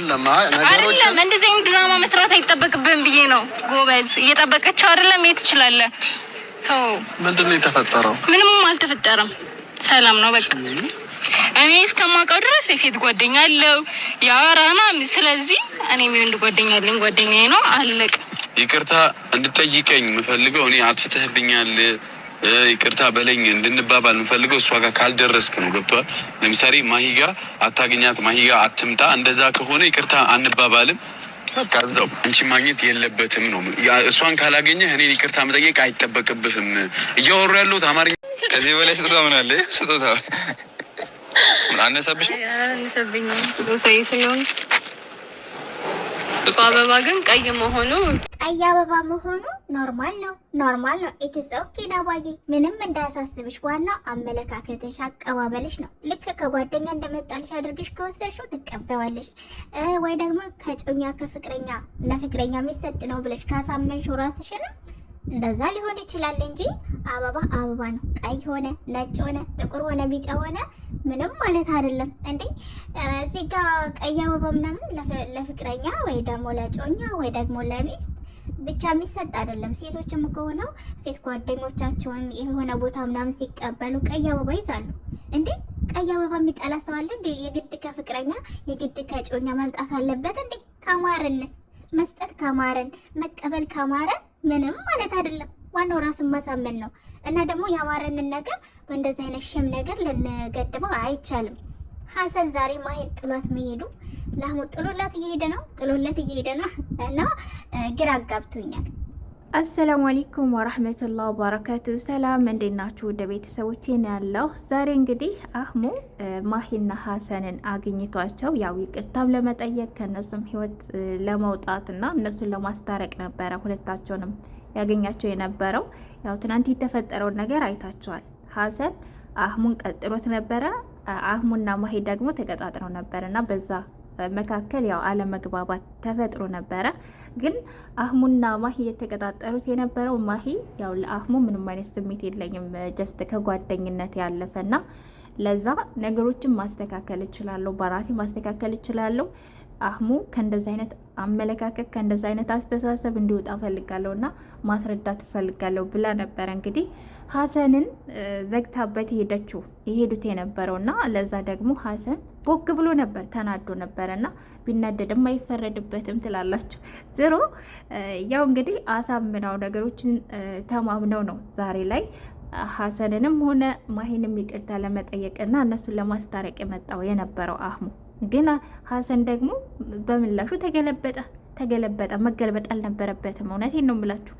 አይደለም እንደዚህ አይነት ድራማ መስራት አይጠበቅብህም ብዬ ነው። ጎበዝ እየጠበቀችው አይደለም። የት ትችላለህ? ምንድን ነው የተፈጠረው? ምንም አልተፈጠረም። ሰላም ነው በቃ። እኔ እስከማውቀው ድረስ የሴት ጓደኛ አለው የአራና ስለዚህ እኔ የሚወንድ ጓደኛ አለኝ። ጓደኛዬ ነው። አለቅ። ይቅርታ እንድጠይቀኝ የምፈልገው እኔ አጥፍተህብኛል ይቅርታ በለኝ እንድንባባል የምፈልገው እሷ ጋር ካልደረስክ ነው። ገብቷል። ለምሳሌ ማሂጋ አታገኛት፣ ማሂጋ አትምጣ። እንደዛ ከሆነ ይቅርታ አንባባልም። በቃ እዛው አንቺ ማግኘት የለበትም ነው። እሷን ካላገኘ እኔን ይቅርታ መጠየቅ አይጠበቅብህም። እያወሩ ያለሁት አማርኛ ከዚህ በላይ ስጦታ ምን አለ? ስጦታ አነሳብሽ አነሳብኝ። አበባ ግን ቀይ መሆኑ ቀይ አበባ መሆኑ ኖርማል ነው፣ ኖርማል ነው። ኢትስ ኦኬ ዳባዬ፣ ምንም እንዳያሳስብሽ። ዋናው አመለካከትሽ፣ አቀባበልሽ ነው። ልክ ከጓደኛ እንደመጣልሽ አድርግሽ ከወሰድሽው ትቀበዋለሽ። ወይ ደግሞ ከጮኛ ከፍቅረኛ ለፍቅረኛ የሚሰጥ ነው ብለሽ ካሳመንሽው ራስሽንም እንደዛ ሊሆን ይችላል እንጂ አበባ አበባ ነው። ቀይ ሆነ፣ ነጭ ሆነ፣ ጥቁር ሆነ፣ ቢጫ ሆነ ምንም ማለት አይደለም። እንዴ እዚህ ጋ ቀይ አበባ ምናምን ለፍቅረኛ ወይ ደግሞ ለጮኛ ወይ ደግሞ ለሚስት ብቻ የሚሰጥ አይደለም። ሴቶችም ከሆነው ሴት ጓደኞቻቸውን የሆነ ቦታ ምናምን ሲቀበሉ ቀይ አበባ ይዛሉ። እንዴ ቀይ አበባ የሚጠላ ሰው አለ የግድ ከፍቅረኛ የግድ ከጮኛ መምጣት አለበት እንዴ? ከማርንስ መስጠት ከማረን መቀበል ከማረን ምንም ማለት አይደለም። ዋናው ራስን ማሳመን ነው እና ደግሞ የአማረንን ነገር በእንደዚህ አይነት ሸም ነገር ልንገድበው አይቻልም። ሀሰን ዛሬ ማሄድ ጥሏት መሄዱ ላሙ ጥሎላት እየሄደ ነው ጥሎለት እየሄደ ነው እና ግራ አጋብቶኛል። አሰላሙ አለይኩም ወራህመቱላህ ወበረካቱ። ሰላም እንዴት ናችሁ? ወደ ቤተሰቦቼን ያለው ዛሬ እንግዲህ አህሙ ማሂና ሀሰንን አግኝቷቸው ያው ይቅርታም ለመጠየቅ ከእነሱም ህይወት ለመውጣትና እነሱን ለማስታረቅ ነበረ ሁለታቸውንም ያገኛቸው የነበረው። ያው ትናንት የተፈጠረውን ነገር አይታቸዋል። ሀሰን አህሙን ቀጥሮት ነበረ። አህሙና ማሂ ደግሞ ተቀጣጥረው ነበር እና በዛ መካከል ያው አለመግባባት ተፈጥሮ ነበረ። ግን አህሙና ማሂ የተቀጣጠሩት የነበረው ማሂ ያው ለአህሙ ምንም አይነት ስሜት የለኝም ጀስት ከጓደኝነት ያለፈና ለዛ ነገሮችን ማስተካከል እችላለሁ፣ በራሴ ማስተካከል እችላለሁ። አህሙ ከእንደዚ አይነት አመለካከት ከእንደዚ አይነት አስተሳሰብ እንዲወጣ ፈልጋለሁ እና ማስረዳት ፈልጋለሁ ብላ ነበረ እንግዲህ ሀሰንን ዘግታበት ሄደችው የሄዱት የነበረው እና ለዛ ደግሞ ሀሰን ቦግ ብሎ ነበር፣ ተናዶ ነበር እና ቢናደድም አይፈረድበትም ትላላችሁ። ዝሮ ያው እንግዲህ አሳምነው ነገሮችን ተማምነው ነው ዛሬ ላይ ሀሰንንም ሆነ ማሂንም ይቅርታ ለመጠየቅና እነሱን ለማስታረቅ የመጣው የነበረው አህሙ። ግን ሀሰን ደግሞ በምላሹ ተገለበጠ ተገለበጠ። መገልበጥ አልነበረበትም። እውነቴን ነው የምላችሁ።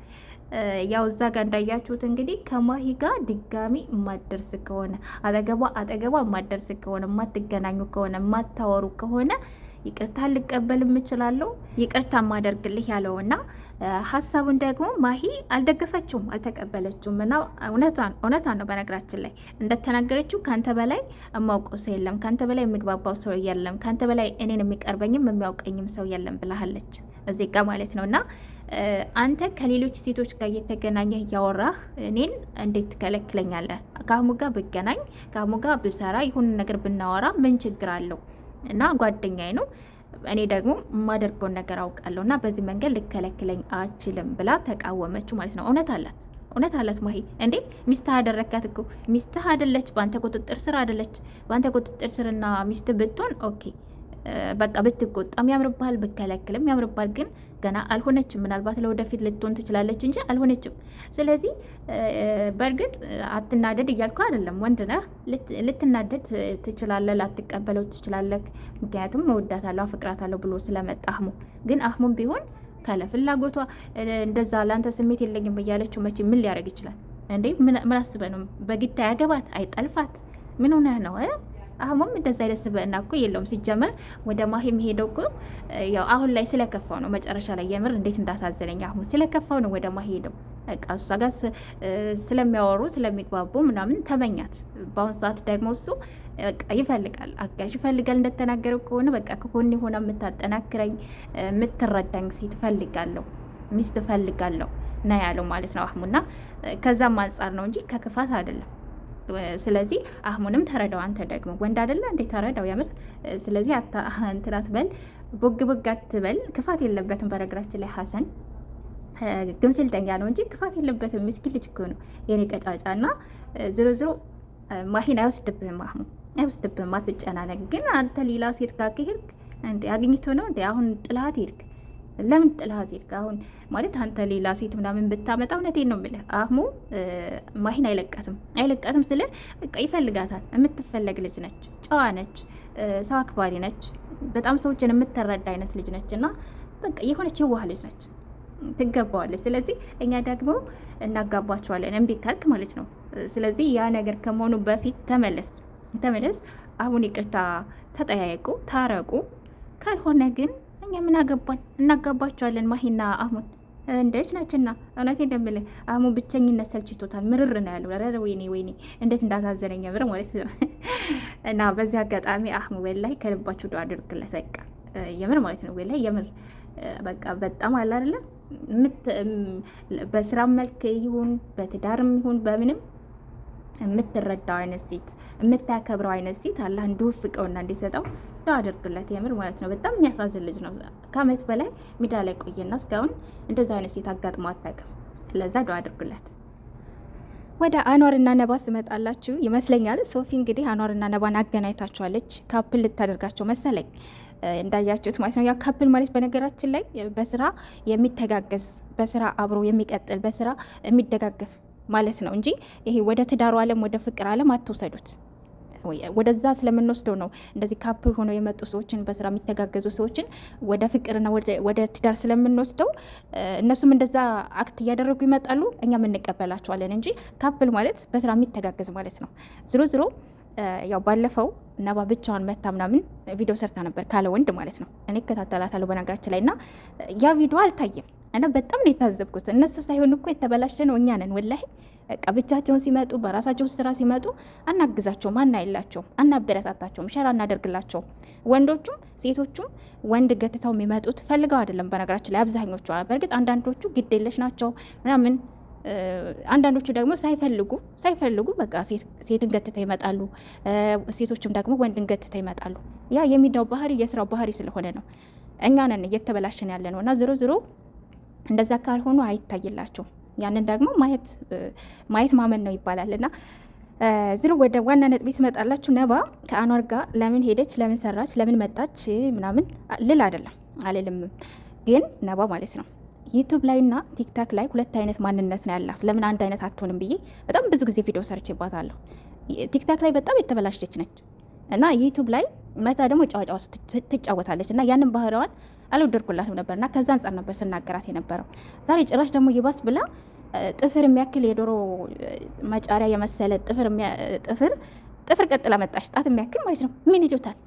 ያው እዛ ጋር እንዳያችሁት እንግዲህ ከማሂ ጋር ድጋሚ ማደርስ ከሆነ አጠገቧ አጠገቧ ማደርስ ከሆነ የማትገናኙ ከሆነ የማታወሩ ከሆነ ይቅርታ ልቀበል የምችላለሁ ይቅርታ ማደርግልህ ያለውና ሀሳቡን ደግሞ ማሂ አልደገፈችውም፣ አልተቀበለችውም እና እውነቷ ነው። በነገራችን ላይ እንደተናገረችው ከአንተ በላይ የማውቀው ሰው የለም፣ ከአንተ በላይ የሚግባባው ሰው የለም፣ ከአንተ በላይ እኔን የሚቀርበኝም የሚያውቀኝም ሰው የለም ብላሃለች እዚህ ጋ ማለት ነው እና አንተ ከሌሎች ሴቶች ጋር እየተገናኘ እያወራህ እኔን እንዴት ትከለክለኛለህ? ከአህሙ ጋር ብገናኝ ከአህሙ ጋር ብሰራ ይሁን ነገር ብናወራ ምን ችግር አለው? እና ጓደኛዬ ነው። እኔ ደግሞ የማደርገውን ነገር አውቃለሁ እና በዚህ መንገድ ልከለክለኝ አችልም ብላ ተቃወመችው ማለት ነው። እውነት አላት እውነት አላት ማሂ። እንዴ ሚስትህ አደረካት እኮ ሚስትህ አደለች፣ በአንተ ቁጥጥር ስር አደለች። በአንተ ቁጥጥር ስርና ሚስት ብትሆን ኦኬ በቃ ብትቆጣም ያምርባል፣ ብከለክልም ያምርባል። ግን ገና አልሆነችም። ምናልባት ለወደፊት ልትሆን ትችላለች እንጂ አልሆነችም። ስለዚህ በእርግጥ አትናደድ እያልኩ አይደለም። ወንድ ነህ፣ ልትናደድ ትችላለህ፣ ላትቀበለው ትችላለህ። ምክንያቱም እወዳታለሁ፣ አፍቅራታለሁ ብሎ ስለመጣ አህሙ ግን አህሙም ቢሆን ከለፍላጎቷ እንደዛ ለአንተ ስሜት የለኝም እያለችው መቼ ምን ሊያደርግ ይችላል እንዴ? ምን አስበህ ነው? በግድ ያገባት አይጠልፋት። ምን ሆነህ ነው? አህሙም እንደዛ አይነት ስብዕና እኮ የለውም። ሲጀመር ወደ ማህ የሚሄደው እኮ ያው አሁን ላይ ስለከፋው ነው። መጨረሻ ላይ የምር እንዴት እንዳሳዘነኝ አህሙ ስለከፋው ነው ወደ ማህ ሄደው በቃ እሷ ጋር ስለሚያወሩ ስለሚግባቡ ምናምን ተመኛት። በአሁኑ ሰዓት ደግሞ እሱ በቃ ይፈልጋል፣ አጋዥ ይፈልጋል። እንደተናገረው ከሆነ በቃ ከጎን የሆነ የምታጠናክረኝ የምትረዳኝ ሴት እፈልጋለሁ፣ ሚስት እፈልጋለሁ ና ያለው ማለት ነው አህሙና ከዛም አንጻር ነው እንጂ ከክፋት አይደለም። ስለዚህ አህሙንም ተረዳው። አንተ ደግሞ ወንድ አደለ እንዴ? ተረዳው የምር። ስለዚህ እንትን አትበል፣ ቦግ ቦግ አትበል። ክፋት የለበትም በነገራችን ላይ ሀሰን ግንፍልተኛ ነው እንጂ ክፋት የለበትም። ምስኪን ልጅ እኮ ነው የኔ ቀጫጫ። እና ዝሮ ዝሮ ማሂን አይወስድብህም፣ አህሙ አይወስድብህም፣ አትጨናነቅ። ግን አንተ ሌላ ሴት ጋር ከሄድክ እንዴ አግኝቶ ነው እንዴ አሁን ጥላት ሄድክ ለምን ጥላት ሄድክ? አሁን ማለት አንተ ሌላ ሴት ምናምን ብታመጣ እውነቴን ነው የምልህ አህሙ ማሂን አይለቃትም። አይለቃትም ስለ በቃ ይፈልጋታል። የምትፈለግ ልጅ ነች፣ ጨዋ ነች፣ ሰው አክባሪ ነች፣ በጣም ሰዎችን የምትረዳ አይነት ልጅ ነች እና በቃ የሆነች የዋህ ልጅ ነች፣ ትገባዋለች። ስለዚህ እኛ ደግሞ እናጋባቸዋለን እምቢ ካልክ ማለት ነው። ስለዚህ ያ ነገር ከመሆኑ በፊት ተመለስ፣ ተመለስ። አሁን ይቅርታ ተጠያየቁ፣ ታረቁ። ካልሆነ ግን እኛ ምን አገባን? እናጋባቸዋለን ማሂና አህሙን እንደች ናችና እውነቴ እንደምልህ አህሙ ብቸኝነት ሰልችቶታል። ምርር ነው ያለው። ረረ ወይኔ ወይኔ እንዴት እንዳሳዘነኝ ብር ማለት ነው። እና በዚህ አጋጣሚ አህሙ ወላሂ ከልባችሁ ዶ አድርግለት በቃ የምር ማለት ነው። ወላሂ የምር በቃ በጣም አለ አይደለ በስራ መልክ ይሁን በትዳርም ይሁን በምንም የምትረዳው አይነት ሴት የምታከብረው አይነት ሴት አላህ እንዲወፍቀውና እንዲሰጠው ነው አድርግለት። የምር ማለት ነው። በጣም የሚያሳዝን ልጅ ነው። ከአመት በላይ ሜዳ ላይ ቆየና እስካሁን እንደዛ አይነት ሴት አጋጥሞ አታውቅም። ስለዛ ነው አድርግለት። ወደ አኗርና ነባ ስመጣላችሁ ይመስለኛል። ሶፊ እንግዲህ አኗርና ነባን አገናኝታችኋለች። ካፕል ልታደርጋቸው መሰለኝ እንዳያችሁት ማለት ነው። ያ ካፕል ማለት በነገራችን ላይ በስራ የሚተጋገዝ በስራ አብሮ የሚቀጥል በስራ የሚደጋገፍ ማለት ነው እንጂ ይሄ ወደ ትዳሩ አለም ወደ ፍቅር አለም አትውሰዱት። ወደዛ ስለምንወስደው ነው እንደዚህ ካፕል ሆነው የመጡ ሰዎችን በስራ የሚተጋገዙ ሰዎችን ወደ ፍቅርና ወደ ትዳር ስለምንወስደው እነሱም እንደዛ አክት እያደረጉ ይመጣሉ፣ እኛም እንቀበላቸዋለን እንጂ ካፕል ማለት በስራ የሚተጋገዝ ማለት ነው። ዝሮ ዝሮ ያው ባለፈው ነባ ብቻዋን መታ ምናምን ቪዲዮ ሰርታ ነበር ካለ ወንድ ማለት ነው። እኔ እከታተላታለሁ በነገራችን ላይ እና ያ ቪዲዮ አልታየም እና በጣም ነው የታዘብኩት። እነሱ ሳይሆን እኮ የተበላሸ ነው እኛ ነን። ወላሂ በቃ ሲመጡ በራሳቸው ስራ ሲመጡ አናግዛቸውም፣ አናይላቸውም፣ አናበረታታቸውም፣ ሸራ አናደርግላቸውም። ወንዶቹም ሴቶቹም ወንድ ገትተው የሚመጡት ፈልገው አይደለም። በነገራችን ላይ አብዛኞቹ፣ በእርግጥ አንዳንዶቹ ግድ የለሽ ናቸው ምናምን አንዳንዶቹ ደግሞ ሳይፈልጉ ሳይፈልጉ በቃ ሴትን ገትተው ይመጣሉ። ሴቶችም ደግሞ ወንድን ገትተው ይመጣሉ። ያ የሚዲያው ባህሪ የስራው ባህሪ ስለሆነ ነው። እኛ ነን እየተበላሸን ያለ ነው እና ዝሮ ዝሮ እንደዛ ካልሆኑ አይታይላቸው። ያንን ደግሞ ማየት ማየት ማመን ነው ይባላል እና ዝሮ ወደ ዋና ነጥብ ስመጣላችሁ ነባ ከአኗር ጋር ለምን ሄደች፣ ለምን ሰራች፣ ለምን መጣች ምናምን ልል አይደለም አልልምም። ግን ነባ ማለት ነው ዩቱብ ላይና ቲክታክ ላይ ሁለት አይነት ማንነት ነው ያላት። ለምን አንድ አይነት አትሆንም ብዬ በጣም ብዙ ጊዜ ቪዲዮ ሰርቼባታለሁ። ቲክታክ ላይ በጣም የተበላሸች ነች እና ዩቱብ ላይ መታ ደግሞ ጨዋጫዋ ትጫወታለች እና ያንን ባህሪዋን አልወደድኩላትም እና ከዛ አንጻር ነበር ስናገራት የነበረው። ዛሬ ጭራሽ ደግሞ ይባስ ብላ ጥፍር የሚያክል የዶሮ መጫሪያ የመሰለ ጥፍር ጥፍር ጥፍር ቀጥላ መጣች። ጣት የሚያክል ማለት ነው። ምን ይሉታል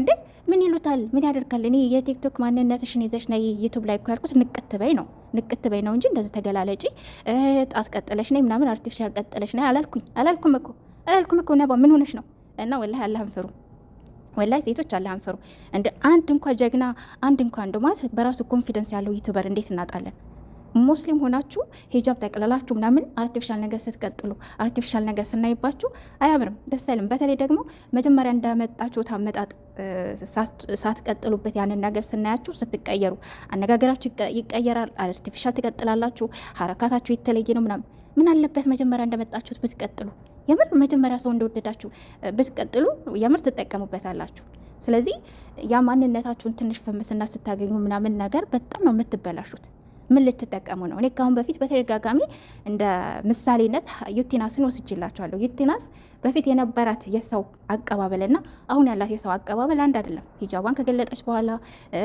እንዴ? ምን ይሉታል? ምን ያደርጋል? እኔ የቲክቶክ ማንነትሽን ይዘሽ ነይ ዩቱብ ላይ እኮ ያልኩት ንቅት በይ ነው ንቅት በይ ነው እንጂ እንደዚህ ተገላለጪ ጣት ቀጥለሽ ነይ ምናምን አርቲፊሻል ቀጥለሽ ነይ አላልኩኝ። አላልኩም እኮ አላልኩም እኮ ነባ ምን ሆነሽ ነው? እና ወላሂ አላህን ፍሩ። ወላይ ሴቶች አለ አንፈሩ እንደ አንድ እንኳ ጀግና አንድ እንኳ እንደ ማለት በራሱ ኮንፊደንስ ያለው ዩቱበር እንዴት እናጣለን? ሙስሊም ሆናችሁ ሂጃብ ጠቅልላችሁ ምናምን አርቲፊሻል ነገር ስትቀጥሉ አርቲፊሻል ነገር ስናይባችሁ አያምርም፣ ደስ አይልም። በተለይ ደግሞ መጀመሪያ እንዳመጣችሁ አመጣጥ ሳትቀጥሉበት ያንን ነገር ስናያችሁ ስትቀየሩ፣ አነጋገራችሁ ይቀየራል። አርቲፊሻል ትቀጥላላችሁ፣ ሀረካታችሁ የተለየ ነው ምናምን። ምን አለበት መጀመሪያ እንደመጣችሁት ብትቀጥሉ የምር መጀመሪያ ሰው እንደወደዳችሁ ብትቀጥሉ የምር ትጠቀሙበታላችሁ። ስለዚህ ያ ማንነታችሁን ትንሽ ፍምስና ስታገኙ ምናምን ነገር በጣም ነው የምትበላሹት። ምን ልትጠቀሙ ነው? እኔ ካሁን በፊት በተደጋጋሚ እንደ ምሳሌነት ዩቲናስን ወስጅላቸዋለሁ። ዩቲናስ በፊት የነበራት የሰው አቀባበል አቀባበልና አሁን ያላት የሰው አቀባበል አንድ አይደለም። ሂጃቧን ከገለጠች በኋላ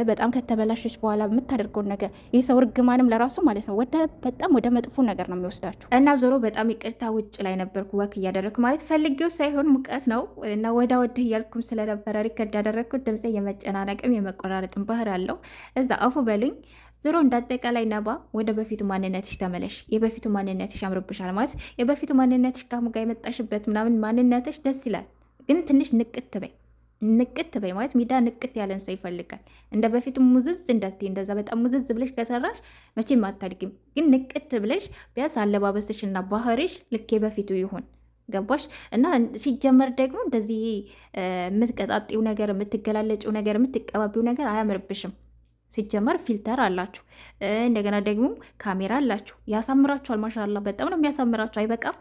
በጣም ከተበላሸች በኋላ የምታደርገውን ነገር የሰው እርግማንም ለራሱ ማለት ነው ወደ በጣም ወደ መጥፎ ነገር ነው የሚወስዳችሁ። እና ዞሮ በጣም ይቅርታ፣ ውጭ ላይ ነበርኩ ወክ እያደረግኩ ማለት ፈልጌው ሳይሆን ሙቀት ነው እና ወዳ ወድ እያልኩም ስለነበረ ሪከርድ ያደረግኩት ድምፄ የመጨናነቅም የመቆራረጥም ባህር አለው። እዛ አፉ በሉኝ። ዞሮ እንዳጠቃላይ ነባ ወደ በፊቱ ማንነትሽ ተመለሽ። የበፊቱ ማንነትሽ አምሮብሻል ማለት የበፊቱ ማንነትሽ ከአሁን ጋር የመጣሽበት ምናምን ማንነትሽ ደስ ይላል፣ ግን ትንሽ ንቅት በይ ንቅት በይ ማለት ሚዳ ንቅት ያለን ሰው ይፈልጋል። እንደ በፊቱ ሙዝዝ እንዳትይ። እንደዛ በጣም ሙዝዝ ብለሽ ከሰራሽ መቼም አታድግም ግን ንቅት ብለሽ ቢያንስ እና ባህሪሽ ልክ በፊቱ ይሁን። ገባሽ? እና ሲጀመር ደግሞ እንደዚህ የምትቀጣጢው ነገር፣ የምትገላለጭው ነገር፣ የምትቀባቢው ነገር አያምርብሽም። ሲጀመር ፊልተር አላችሁ፣ እንደገና ደግሞ ካሜራ አላችሁ። ያሳምራችኋል። ማሻላ በጣም ነው የሚያሳምራችሁ። አይበቃም።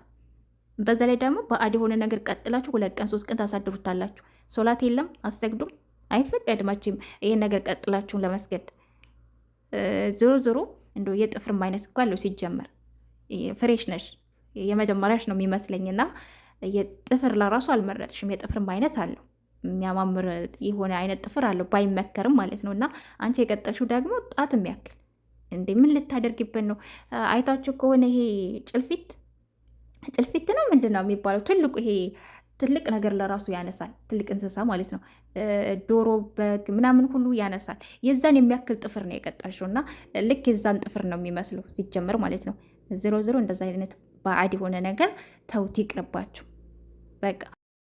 በዛ ላይ ደግሞ በአድ የሆነ ነገር ቀጥላችሁ ሁለት ቀን ሶስት ቀን ታሳድሩታላችሁ። ሶላት የለም አሰግዱም፣ አይፈቀድማችም ይህን ነገር ቀጥላችሁን ለመስገድ ዞሮ ዞሮ እንደ የጥፍርም አይነት እኮ አለው ሲጀመር ፍሬሽ ነሽ የመጀመሪያሽ ነው የሚመስለኝና የጥፍር ለራሱ አልመረጥሽም። የጥፍርም አይነት አለው የሚያማምር የሆነ አይነት ጥፍር አለው ባይመከርም ማለት ነው። እና አንቺ የቀጠልሽው ደግሞ ጣት የሚያክል እንዴ! ምን ልታደርጊበት ነው? አይታችሁ ከሆነ ይሄ ጭልፊት ጭልፊት ነው ምንድን ነው የሚባለው? ትልቁ ይሄ ትልቅ ነገር ለራሱ ያነሳል። ትልቅ እንስሳ ማለት ነው። ዶሮ፣ በግ ምናምን ሁሉ ያነሳል። የዛን የሚያክል ጥፍር ነው የቀጠልሽው እና ልክ የዛን ጥፍር ነው የሚመስለው ሲጀመር ማለት ነው። ዝሮ ዝሮ እንደዛ አይነት ባዕድ የሆነ ነገር ተውት፣ ይቅርባችሁ በቃ።